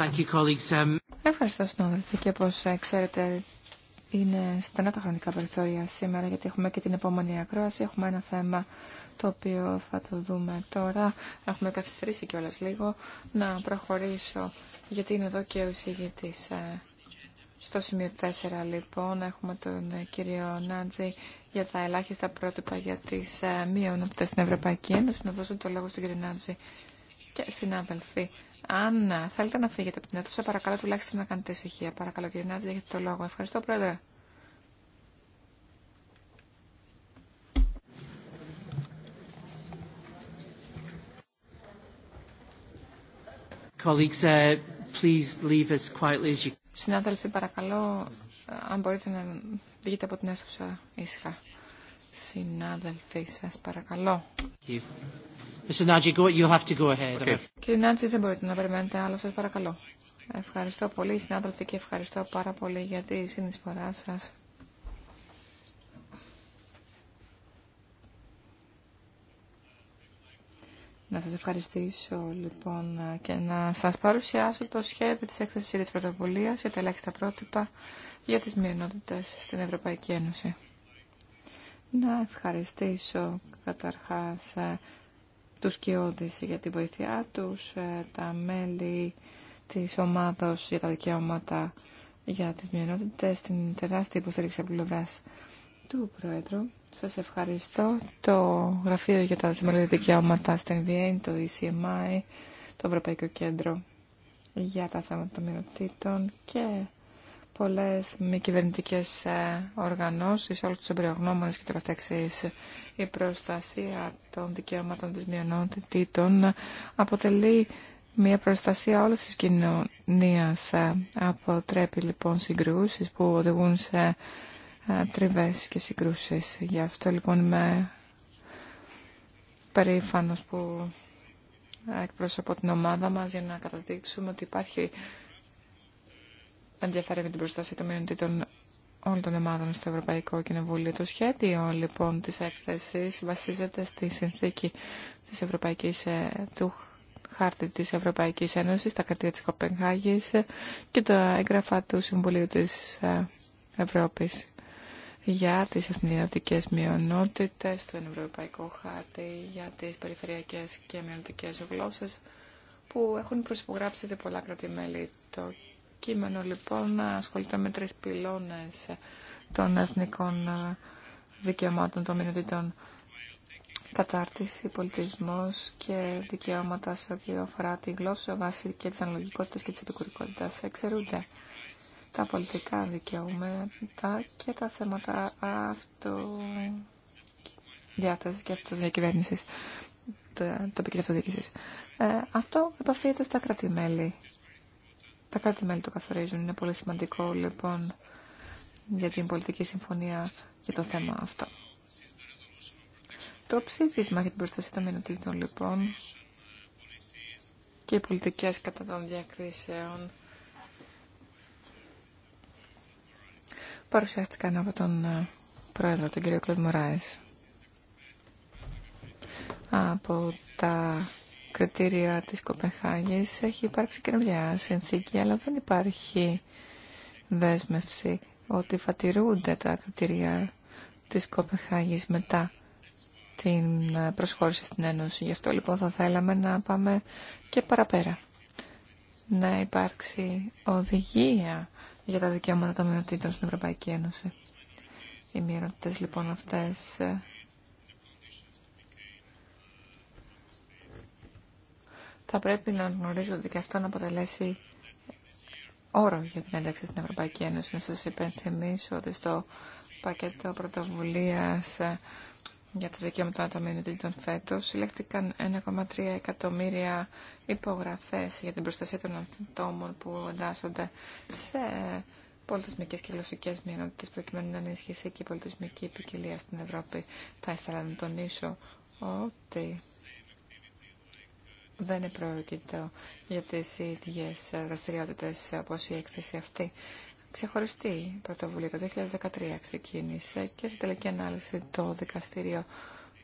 Thank you, colleagues. Um, Ευχαριστώ συνάδελφοι και όπως ε, ξέρετε είναι στενά τα χρονικά περιθώρια σήμερα γιατί έχουμε και την επόμενη ακρόαση. Έχουμε ένα θέμα το οποίο θα το δούμε τώρα. Έχουμε καθυστερήσει κιόλας λίγο να προχωρήσω γιατί είναι εδώ και ο εισηγητής ε, στο σημείο 4 λοιπόν έχουμε τον ε, κύριο Νάντζη για τα ελάχιστα πρότυπα για τις ε, μειονότητες στην Ευρωπαϊκή Ένωση. Να δώσω το λόγο στον κύριο Νάντζη και συνάδελφοι. Αν θέλετε να φύγετε από την αίθουσα, παρακαλώ τουλάχιστον να κάνετε ησυχία. Παρακαλώ κύριε Νάντζη, έχετε το λόγο. Ευχαριστώ πρόεδρε. Colleagues, uh, please leave as quietly Συνάδελφοι, παρακαλώ, αν μπορείτε να βγείτε από την αίθουσα ήσυχα. Συνάδελφοι, σας παρακαλώ. Κύριε Νάτζη, δεν μπορείτε να περιμένετε άλλο, σας παρακαλώ. Ευχαριστώ πολύ, συνάδελφοι, και ευχαριστώ πάρα πολύ για τη συνεισφορά σας. Να σας ευχαριστήσω λοιπόν και να σας παρουσιάσω το σχέδιο της έκθεσης της πρωτοβουλίας για τα ελάχιστα πρότυπα για τις μειονότητες στην Ευρωπαϊκή Ένωση. Να ευχαριστήσω καταρχάς ε, τους κοιόντες για την βοήθειά τους, ε, τα μέλη της ομάδος για τα δικαιώματα για τις μειονότητες, την τεράστια υποστήριξη από πλευράς του Πρόεδρου. Σας ευχαριστώ. Το Γραφείο για τα Δημοκρατικά Δικαιώματα στην Βιέννη, το ECMI, το Ευρωπαϊκό Κέντρο για τα θέματα των μειονοτήτων και πολλές μη κυβερνητικέ ε, οργανώσεις, όλους τους εμπειρογνώμονες και το Η προστασία των δικαιωμάτων της μειονότητων αποτελεί μια προστασία όλης της κοινωνίας. Ε, αποτρέπει λοιπόν συγκρούσεις που οδηγούν σε τριβές και συγκρούσεις. Γι' αυτό λοιπόν είμαι περήφανος που εκπρόσωπο την ομάδα μας για να καταδείξουμε ότι υπάρχει ενδιαφέρον με την προστασία των μειονοτήτων όλων των ομάδων στο Ευρωπαϊκό Κοινοβούλιο. Το σχέδιο λοιπόν της έκθεσης βασίζεται στη συνθήκη της Ευρωπαϊκής, ε, του χάρτη της Ευρωπαϊκής Ένωσης, τα καρτία της Κοπενχάγης και τα έγγραφα του Συμβουλίου της ε, Ευρώπης για τις εθνικές μειονότητες στον Ευρωπαϊκό Χάρτη, για τις περιφερειακές και μειονοτικές γλώσσες που έχουν προσυπογράψει σε πολλά κράτη-μέλη. Το κείμενο λοιπόν ασχολείται με τρεις πυλώνες των εθνικών ε, δικαιωμάτων των μειονοτήτων κατάρτιση, πολιτισμός και δικαιώματα σε ό,τι αφορά τη γλώσσα, βάσει και της αναλογικότητας και της επικουρικότητας εξαιρούνται τα πολιτικά δικαιώματα και τα θέματα αυτοδιάθεση και αυτοδιακυβέρνησης, τοπική αυτοδιοίκησης. Ε, αυτό επαφείται στα κράτη-μέλη. Τα κράτη-μέλη το καθορίζουν. Είναι πολύ σημαντικό, λοιπόν, για την πολιτική συμφωνία για το θέμα αυτό. Το ψήφισμα για την προστασία των μηνοτήτων, λοιπόν, και οι πολιτικές κατά των διακρίσεων παρουσιάστηκαν από τον ε, πρόεδρο, τον κύριο Κλοντ Μωράης. Από τα κριτήρια της Κοπεχάγης έχει υπάρξει μια συνθήκη, αλλά δεν υπάρχει δέσμευση ότι φατηρούνται τα κριτήρια της Κοπεχάγης μετά την ε, προσχώρηση στην Ένωση. Γι' αυτό λοιπόν θα θέλαμε να πάμε και παραπέρα. Να υπάρξει οδηγία για τα δικαιώματα των μειονοτήτων στην Ευρωπαϊκή Ένωση. Οι μειονοτήτε λοιπόν αυτέ. Ε, θα πρέπει να γνωρίζονται ότι και αυτό να αποτελέσει όρο για την ένταξη στην Ευρωπαϊκή Ένωση. Να σα υπενθυμίσω ότι στο πακέτο πρωτοβουλίας ε, για τα δικαιώματα των τον φέτο. Συλλέχτηκαν 1,3 εκατομμύρια υπογραφέ για την προστασία των ατόμων που εντάσσονται σε πολιτισμικέ και γλωσσικέ μειονότητε, προκειμένου να ενισχυθεί και η πολιτισμική ποικιλία στην Ευρώπη. Θα ήθελα να τονίσω ότι δεν είναι πρόκειτο για τι ίδιε δραστηριότητε όπω η έκθεση αυτή ξεχωριστή πρωτοβουλία. Το 2013 ξεκίνησε και στην τελική ανάλυση το δικαστήριο,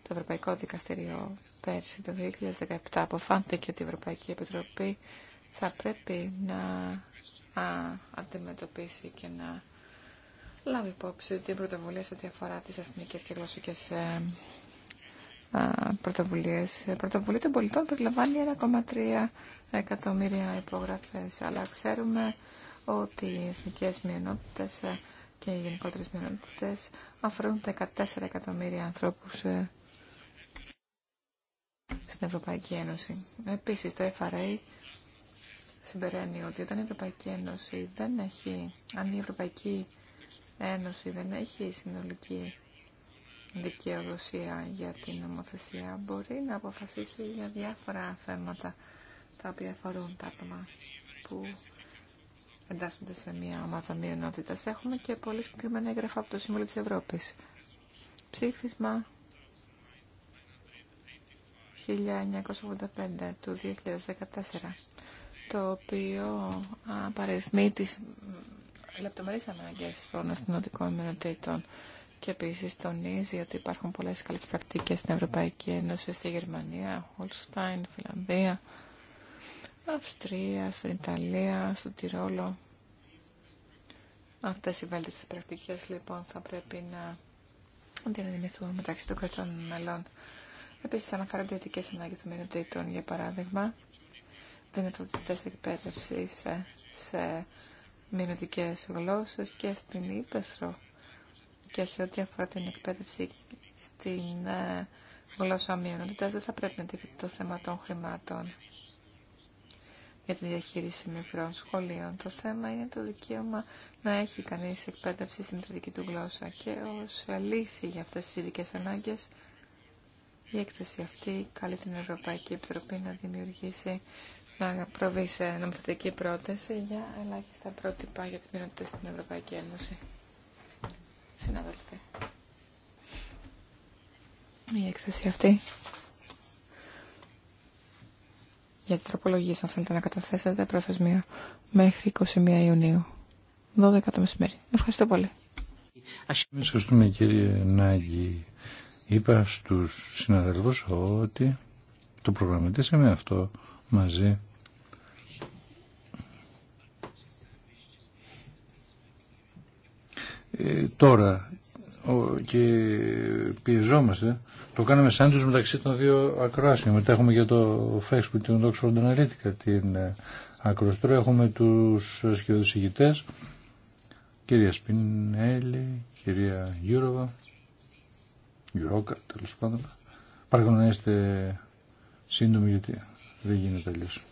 το Ευρωπαϊκό Δικαστήριο πέρσι το 2017 αποφάνθηκε ότι η Ευρωπαϊκή Επιτροπή θα πρέπει να αντιμετωπίσει και να λάβει υπόψη την πρωτοβουλία σε ό,τι αφορά τις αστυνικές και γλωσσικές ε, πρωτοβουλίε. Πρωτοβουλία των πολιτών περιλαμβάνει 1,3 εκατομμύρια υπογραφέ. Αλλά ξέρουμε ότι οι εθνικέ μειονότητε ε, και οι γενικότερε μειονότητε αφορούν 14 εκατομμύρια ανθρώπου ε, στην Ευρωπαϊκή Ένωση. Επίση, το FRA συμπεραίνει ότι όταν Ευρωπαϊκή Ένωση δεν έχει, αν η Ευρωπαϊκή Ένωση δεν έχει συνολική δικαιοδοσία για την νομοθεσία, μπορεί να αποφασίσει για διάφορα θέματα τα οποία αφορούν τα άτομα που εντάσσονται σε μια ομάδα μειονότητα. Έχουμε και πολύ συγκεκριμένα έγγραφα από το Σύμβολο τη Ευρώπη. Ψήφισμα 1985 του 2014, το οποίο απαριθμεί τι λεπτομερεί ανάγκε των αστυνοτικών μειονοτήτων και επίση τονίζει ότι υπάρχουν πολλέ καλέ πρακτικέ στην Ευρωπαϊκή Ένωση, στη Γερμανία, Χολστάιν, Φιλανδία. Αυστρία, στην Ιταλία, στο Τυρόλο. Αυτέ οι βέλτιστες πρακτικές λοιπόν θα πρέπει να διανεμηθούν μεταξύ των κρατών μελών. Επίση, αναφέρονται ειδικές ανάγκε των μειονοτήτων, για παράδειγμα, δυνατότητε εκπαίδευση σε, σε μειονοτικές γλώσσες και στην Ήπεθρο και σε ό,τι αφορά την εκπαίδευση στην ε, γλώσσα μειονότητας δεν θα πρέπει να τύχει το θέμα των χρημάτων για τη διαχείριση μικρών σχολείων. Το θέμα είναι το δικαίωμα να έχει κανείς εκπαίδευση στην μητρική του γλώσσα και ως λύση για αυτές τις ειδικέ ανάγκες η έκθεση αυτή καλεί την Ευρωπαϊκή Επιτροπή να δημιουργήσει να προβεί σε νομοθετική πρόταση για ελάχιστα πρότυπα για τις μηνότητες στην Ευρωπαϊκή Ένωση. Συνάδελφοι. Η έκθεση αυτή για τις τροπολογίες, αν θέλετε να καταθέσετε προθεσμία μέχρι 21 Ιουνίου. 12 το μεσημέρι. Ευχαριστώ πολύ. Ευχαριστούμε κύριε Νάγκη. Είπα στους συναδελφούς ότι το προγραμματίσαμε αυτό μαζί ε, τώρα και πιεζόμαστε. Το κάναμε σαν μεταξύ των δύο ακροάσεων. Μετά έχουμε για το Facebook την Oxford Analytica την ακροστρό. Ε, έχουμε τους σχεδόν ηγητές. Κυρία Σπινέλη, κυρία Γιούροβα, Γιουρόκα τέλο πάντων. Πάρκο να είστε σύντομοι γιατί δεν γίνεται αλλιώς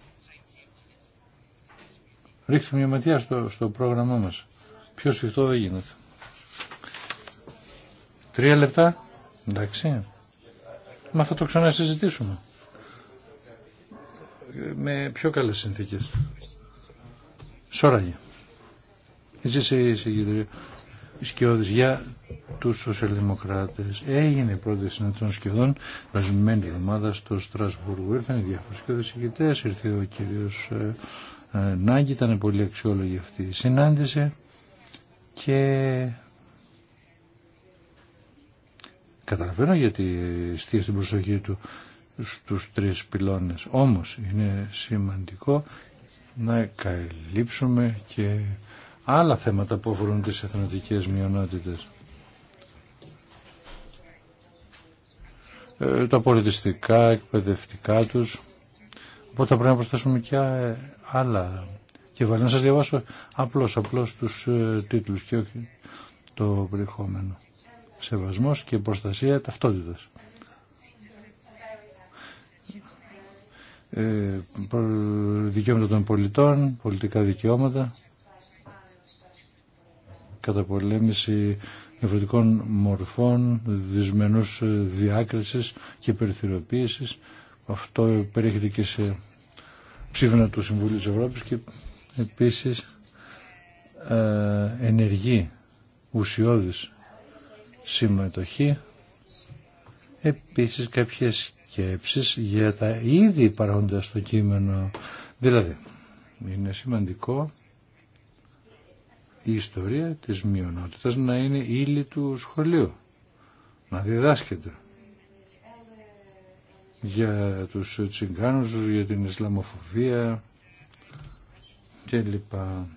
Ρίξτε μια ματιά στο, στο πρόγραμμά μας. Πιο σφιχτό δεν γίνεται. Τρία λεπτά. Εντάξει. Μα θα το ξανασυζητήσουμε. Με πιο καλές συνθήκες. Σόραγε. Εσείς η σκιώδης για τους σοσιαλδημοκράτες. Έγινε η πρώτη των σκιωδών περασμένη εβδομάδα στο Στρασβούργο. Ήρθαν οι διάφορες σκιώδης ηγητές, ήρθε ο κύριος ε, ε, Νάγκη, ήταν πολύ αξιόλογη αυτή η συνάντηση και Καταλαβαίνω γιατί στείλει την προσοχή του στους τρεις πυλώνες. Όμως είναι σημαντικό να καλύψουμε και άλλα θέματα που αφορούν τις εθνοτικές μειονότητες. Ε, τα πολιτιστικά, εκπαιδευτικά τους. Οπότε πρέπει να προσθέσουμε και ε, άλλα κεφάλαια. Να σας διαβάσω απλώς, απλώς τους ε, τίτλους και όχι το περιεχόμενο σεβασμός και προστασία ταυτότητας. Ε, δικαιώματα των πολιτών, πολιτικά δικαιώματα, καταπολέμηση ευρωτικών μορφών, δυσμενούς ε, διάκρισης και περιθυροποίησης. Αυτό περιέχεται και σε ψήφινα του Συμβουλίου της Ευρώπης και επίσης ε, ενεργή, ουσιώδης συμμετοχή. Επίσης κάποιες σκέψεις για τα ήδη παρόντα στο κείμενο. Δηλαδή, είναι σημαντικό η ιστορία της μειονότητας να είναι ύλη του σχολείου, να διδάσκεται για τους τσιγκάνους, για την Ισλαμοφοβία και λοιπά.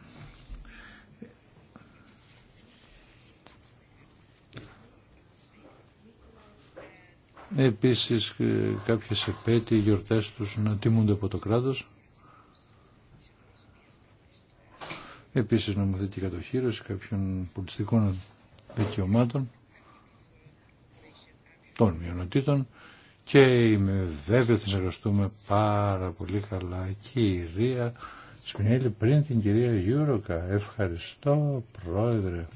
Επίσης ε, κάποιες επέτειοι, γιορτές τους να τιμούνται από το κράτος. Επίσης νομοθετική κατοχήρωση κάποιων πολιτιστικών δικαιωμάτων των μειονοτήτων και είμαι βέβαιο ότι συνεργαστούμε πάρα πολύ καλά κυρία Σπινέλη πριν την κυρία Γιούροκα. Ευχαριστώ πρόεδρε.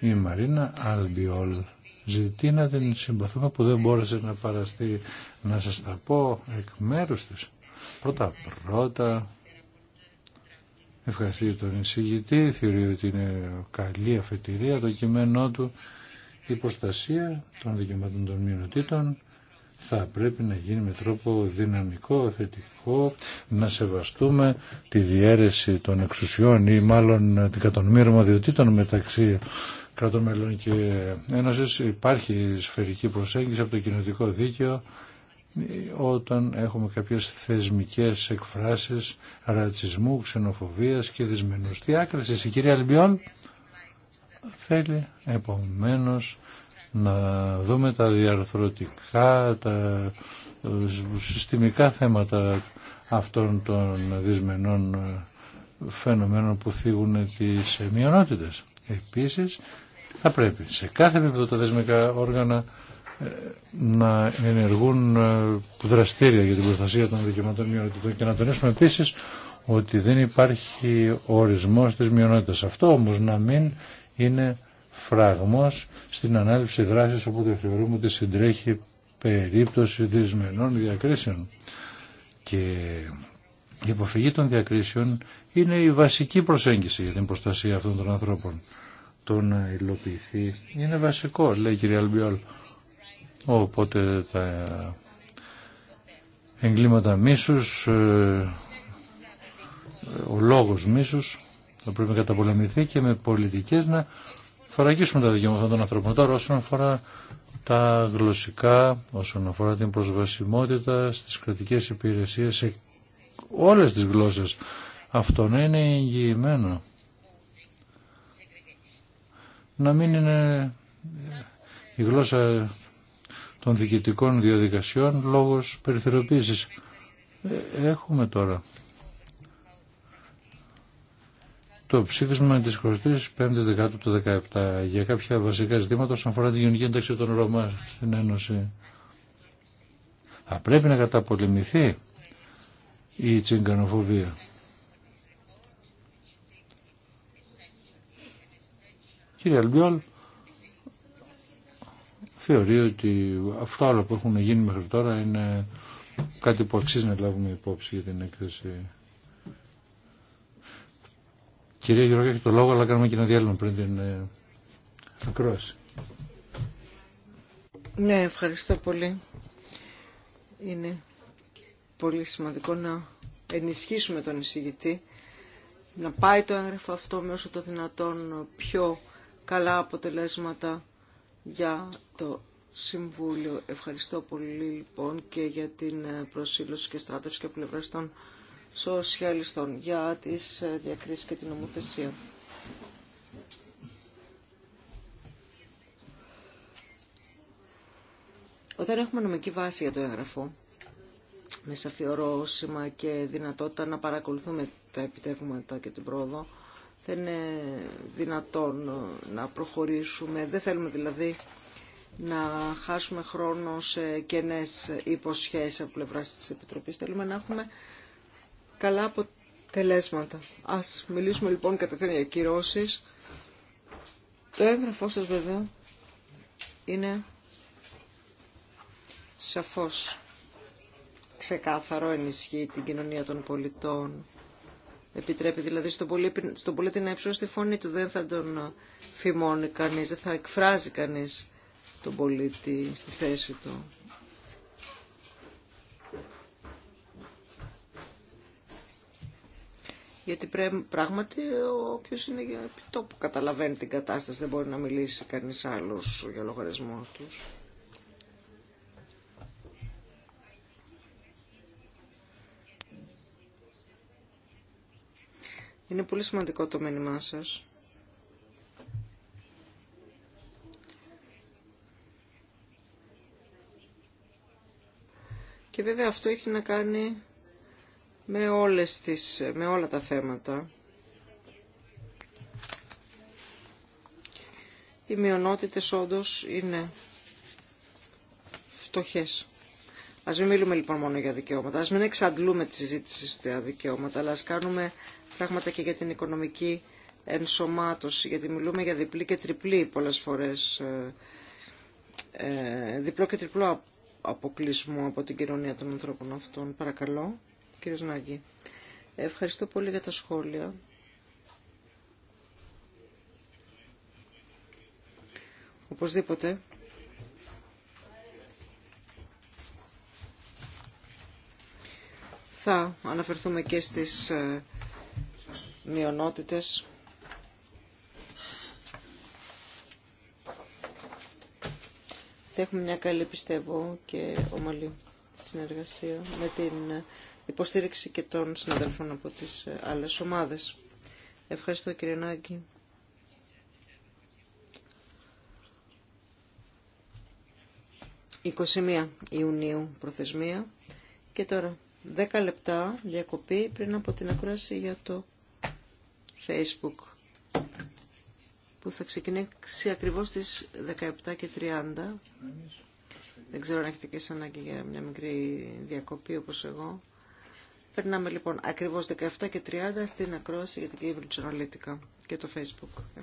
Η Μαρίνα Αλμπιόλ ζητεί να την συμπαθούμε που δεν μπόρεσε να παραστεί να σας τα πω εκ μέρους της. Πρώτα πρώτα ευχαριστεί τον εισηγητή, θεωρεί ότι είναι καλή αφετηρία το κείμενό του. Η προστασία των δικαιωμάτων των μειονοτήτων θα πρέπει να γίνει με τρόπο δυναμικό, θετικό, να σεβαστούμε τη διαίρεση των εξουσιών ή μάλλον την κατονομία αρμοδιοτήτων μεταξύ κρατών μελών και ένωσης υπάρχει σφαιρική προσέγγιση από το κοινωτικό δίκαιο όταν έχουμε κάποιες θεσμικές εκφράσεις ρατσισμού, ξενοφοβίας και δυσμενούς διάκριση. Η κυρία Αλμπιόν θέλει επομένως να δούμε τα διαρθρωτικά, τα συστημικά θέματα αυτών των δυσμενών φαινομένων που θίγουν τις μειονότητες. Επίσης, θα πρέπει σε κάθε επίπεδο τα όργανα ε, να ενεργούν ε, δραστήρια για την προστασία των δικαιωμάτων μειονοτήτων και να τονίσουμε επίσης ότι δεν υπάρχει ορισμός της μειονότητας. Αυτό όμως να μην είναι φραγμός στην ανάληψη δράσης όπου θεωρούμε ότι συντρέχει περίπτωση δυσμενών διακρίσεων. Και η αποφυγή των διακρίσεων είναι η βασική προσέγγιση για την προστασία αυτών των ανθρώπων το να υλοποιηθεί είναι βασικό, λέει η κυρία Αλμπιόλ. Οπότε τα εγκλήματα μίσους, ε, ο λόγος μίσους θα πρέπει να καταπολεμηθεί και με πολιτικές να φαραγγίσουμε τα δικαιώματα των ανθρώπων. Τώρα όσον αφορά τα γλωσσικά, όσον αφορά την προσβασιμότητα στις κρατικές υπηρεσίες σε όλες τις γλώσσες, αυτό να είναι εγγυημένο να μην είναι η γλώσσα των διοικητικών διαδικασιών λόγος περιθωριοποίησης. Ε, έχουμε τώρα το ψήφισμα τη 25η Δεκάτου του 2017 για κάποια βασικά ζητήματα όσον αφορά την γενική ένταξη των Ρωμά στην Ένωση. Θα πρέπει να καταπολεμηθεί η τσιγκανοφοβία. κύριε Αλμπιόλ θεωρεί ότι αυτά όλα που έχουν γίνει μέχρι τώρα είναι κάτι που αξίζει να λάβουμε υπόψη για την έκθεση. Κυρία Γιώργα, έχει το λόγο, αλλά κάνουμε και ένα διάλειμμα πριν την ε, ακρόαση. Ναι, ευχαριστώ πολύ. Είναι πολύ σημαντικό να ενισχύσουμε τον εισηγητή, να πάει το έγγραφο αυτό με όσο το δυνατόν πιο καλά αποτελέσματα για το Συμβούλιο. Ευχαριστώ πολύ λοιπόν και για την ε, προσήλωση και στράτευση και πλευρά των σοσιαλιστών για τις ε, διακρίσεις και την ομοθεσία. Όταν έχουμε νομική βάση για το έγγραφο, με σαφή και δυνατότητα να παρακολουθούμε τα επιτεύγματα και την πρόοδο, δεν είναι δυνατόν να προχωρήσουμε. Δεν θέλουμε δηλαδή να χάσουμε χρόνο σε κενές υποσχέσεις από πλευρά της Επιτροπής. Θέλουμε να έχουμε καλά αποτελέσματα. Ας μιλήσουμε λοιπόν κατευθείαν για κυρώσεις. Το έγγραφό σας βέβαια είναι σαφώς ξεκάθαρο ενισχύει την κοινωνία των πολιτών Επιτρέπει δηλαδή στον πολίτη, στον να υψώσει τη φωνή του, δεν θα τον φημώνει κανείς, δεν θα εκφράζει κανείς τον πολίτη στη θέση του. Γιατί πρέπει πράγματι όποιος είναι επί τόπου καταλαβαίνει την κατάσταση, δεν μπορεί να μιλήσει κανείς άλλος για λογαριασμό τους. Είναι πολύ σημαντικό το μήνυμά σας. Και βέβαια αυτό έχει να κάνει με, όλες τις, με όλα τα θέματα. Οι μειονότητες όντως είναι φτωχές. Ας μην μιλούμε λοιπόν μόνο για δικαιώματα, Α μην εξαντλούμε τη συζήτηση στα δικαιώματα, αλλά α κάνουμε πράγματα και για την οικονομική ενσωμάτωση, γιατί μιλούμε για διπλή και τριπλή πολλέ φορέ. Ε, ε, διπλό και τριπλό αποκλεισμό από την κοινωνία των ανθρώπων αυτών. Παρακαλώ, κύριος Νάγκη. Ευχαριστώ πολύ για τα σχόλια. Οπωσδήποτε Θα αναφερθούμε και στις ε, μειονότητες. Θα έχουμε μια καλή, πιστεύω, και ομαλή συνεργασία με την υποστήριξη και των συναδελφών από τις ε, άλλες ομάδες. Ευχαριστώ κύριε Νάγκη. «21 Ιουνίου προθεσμία και τώρα 10 λεπτά διακοπή πριν από την ακρόαση για το Facebook που θα ξεκινήσει ακριβώς στις 17.30. Δεν ξέρω αν έχετε και σαν και για μια μικρή διακοπή όπως εγώ. Περνάμε λοιπόν ακριβώς 17.30 στην ακρόαση για την Cambridge Analytica και το Facebook.